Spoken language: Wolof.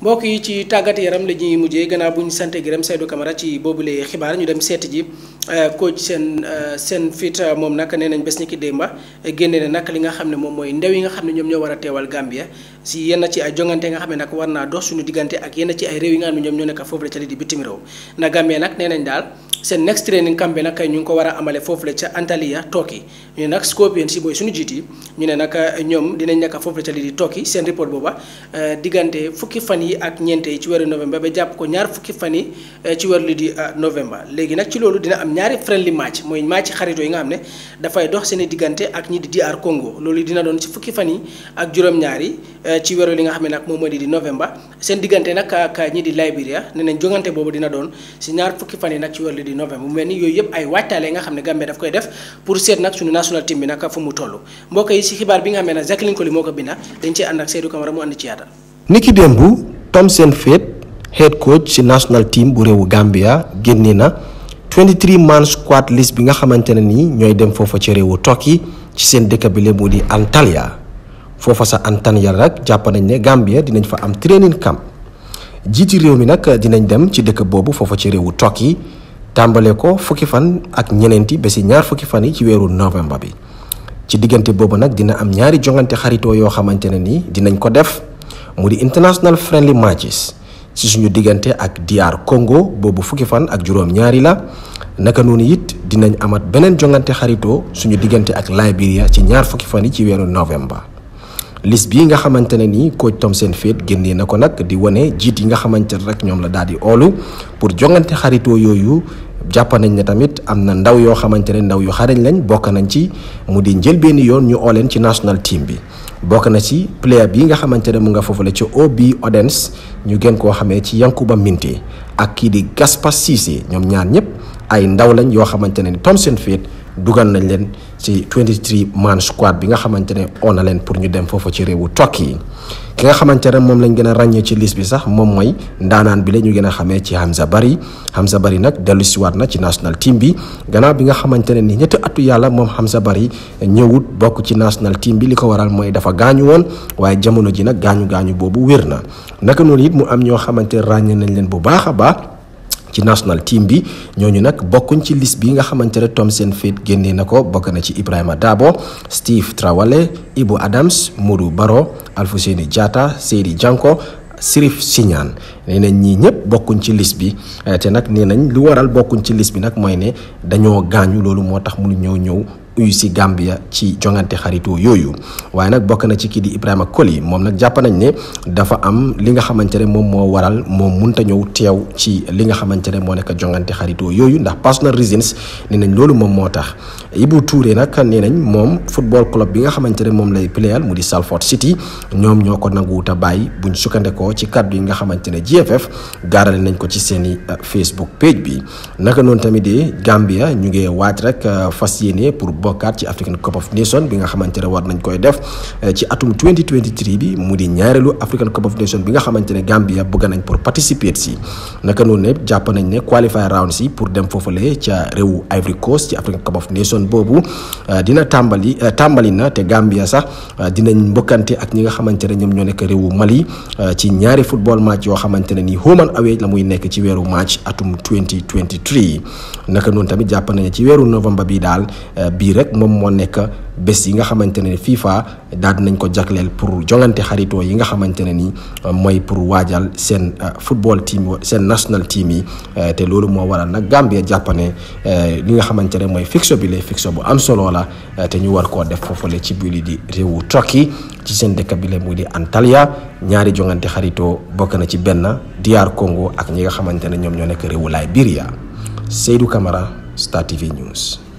mbokk yi ci tàggat yaram la ñuy mujjee gannaaw bu ñu sant gërëm Seydou Camara ci boobule xibaar ñu dem seeti ji euh, coach seen euh, seen fit euh, moom nag nee nañ bés ni ki démba génne na nag li nga xam ne moom mooy ndew yi nga xam ne ñoom ñoo war a teewal Gambia si yenn ci ay jongante nga xam ne nag war naa dox suñu diggante ak yenn ci ay réew yi nga xam ne ñoom ñoo nekk foofu la ca li di bitim réew na Gambia nag nee nañ daal seen next training camp bi ñu ngi ko war a amale foofu la ca Antalya Turkey ñu ne nag Skopje si booy suñu jiit yi ñu ne nag ñoom dinañ nekk foofu la ca li di Turkey seen report booba diggante fukki fan yi ak ñeente yi ci weeru novembre ba jàpp ko ñaar fukki fan yi eh, ci weeru li di eh, novembre léegi nag ci loolu dina am ñaari friendly match mooy match xaritoo yi nga xam ne dafay dox seen diggante ak ñi di DR Congo loolu dina doon ci fan yi ak juróom-ñaar yi eh, li nga xam ne nag moom moo di di seen diggante nag ak ñi di Liberia ne nañ boobu dina doon si ñaar fukki fan yi nag ci weeru li di novembre mu mel ni yooyu yëpp ay waajtaale nga xam ne Gambie daf koy def pour seet nag suñu national team bi nag fu mu toll mbokk bi nga xam ne nag Jacqueline Koli moo ko binda dañ ci ànd ak Seydou Camara mu ànd ci yaatal Thompson Faith head coach ci national team bu réewu Gambia génnee na 23 man squad list bi nga xamante ne ni ñooy dem foofa ci réewu Turkey ci seen dëkk bi la mu di Antalya foofa sa Antalya nag jàpp nañ ne Gambia dinañ fa am training camp jiiti réew mi nag dinañ dem ci dëkk boobu foofa ci réewu Turkey tàmbalee ko fukki fan ak ñeneenti ba si ñaar fukki fan yi ci weeru novembre bi ci diggante boobu nag dina am ñaari jongante xaritoo yoo xamante ne ni dinañ ko def. mu di international friendly matches ci suñu diggante ak DR Congo boobu fukki fan ak juróom-ñaari la naka noonu it dinañ amat beneen jongante xaritoo suñu diggante ak Liberia ci ñaar fukki fan yi ci weeru novembre. liste bii nga xamante ne nii coach seen Feit génnee na ko nag di wane jiit yi nga xamante ne rek ñoom la daal di oolu pour jongante xaritoo yooyu. jàpp nañ ne tamit am na ndaw yoo xamante ne ndaw yu xarañ lañ bokk nañ ci mu di njëlbeeni yoon ñu oo ci national team bi bokk na ci player bi nga xamante ne mu nga la ci OB Odense ñu gën koo xamee ci ba Minteh ak kii di Gaspar Cissé ñoom ñaar ñëpp ay ndaw lañ yoo xamante ne ni Tomson Faith dugal nañ leen ci 23 man squad bi nga xamante ne on na leen pour ñu dem foofu ci réewu tokk yi ki nga xamante ne moom lañ gën a ràññee ci liste bi sax moom mooy ndaanaan bi la ñu gën a xamee ci Hamza Bari Hamza Bari nag dellu siwaat na ci national team bi gannaaw bi nga xamante ne ni ñetti atu yàlla moom xam sa Bari ñëwut bokk ci national team bi li ko waral mooy dafa gaañu woon waaye jamono ji nag gaañu gaañu boobu wér na naka noonu it mu am ñoo xamante ràññee nañ leen bu baax a baax. ci national team bi ñooñu nag bokkuñ ci liste bi nga xamante ne seen Feit génnee na ko bokk na ci Ibrahima Dabo Steve Traoré Ibu Adams Modou Baro Alfousseni Diatta Seydi Janko Sirif Siñaan nee nañ ñii ñëpp bokkuñ ci liste bi eh, te nag nee nañ lu waral bokkuñ ci liste bi nag mooy ne dañoo gaañu loolu moo tax mu ñëw ñëw uyu si Gambia ci jongante xaritoo yooyu waaye nag bokk na ci kii di Ibrahima Koli moom nag jàpp nañ ne dafa am li nga xamante ne moom moo waral moom munta ñëw teew ci li nga xamante ne moo nekk jongante xaritoo yooyu ndax personal reasons nee nañ loolu moom moo tax Ibou Touré nag nee nañ moom football club bi nga xamante ne moom lay pléyal mu di Salford City ñoom ñoo ko nanguwuta bàyyi buñ sukkandekoo ci kàddu yi nga xamante ne GFF gaarale nañ ko bokkaat ci African Cup of Nations bi nga xamante ne war nañ koy def eh, ci atum bi mu di ñaareelu African Cup of Nations bi nga xamante ne Gambia bëgg nañ pour participer si naka noonu ne jàpp nañ ne qualify ci yoo xamante ne nii home and away la muy nekk ci weeru match atum 2023 naka noonu tamit bi daal eh, biir rek moom moo nekk bés yi nga xamante ne FIFA daal di ko jagleel pour jongante xaritoo yi nga xamante ne ni euh, mooy pour waajal seen euh, football team seen national team yi euh, te loolu moo waral nag Gambia jàpp ne li nga xamante ne mooy fixo bi lay fixo bu am solo la te ñu war koo def foofule ci biir di réewu Turquie ci seen dëkk bi la muy di Antalya ñaari jongante xaritoo bokk na ci benn DR Congo ak ñi nga xamante ne ñoom ñoo nekk réewu Liberia Seydou Camara Star TV News.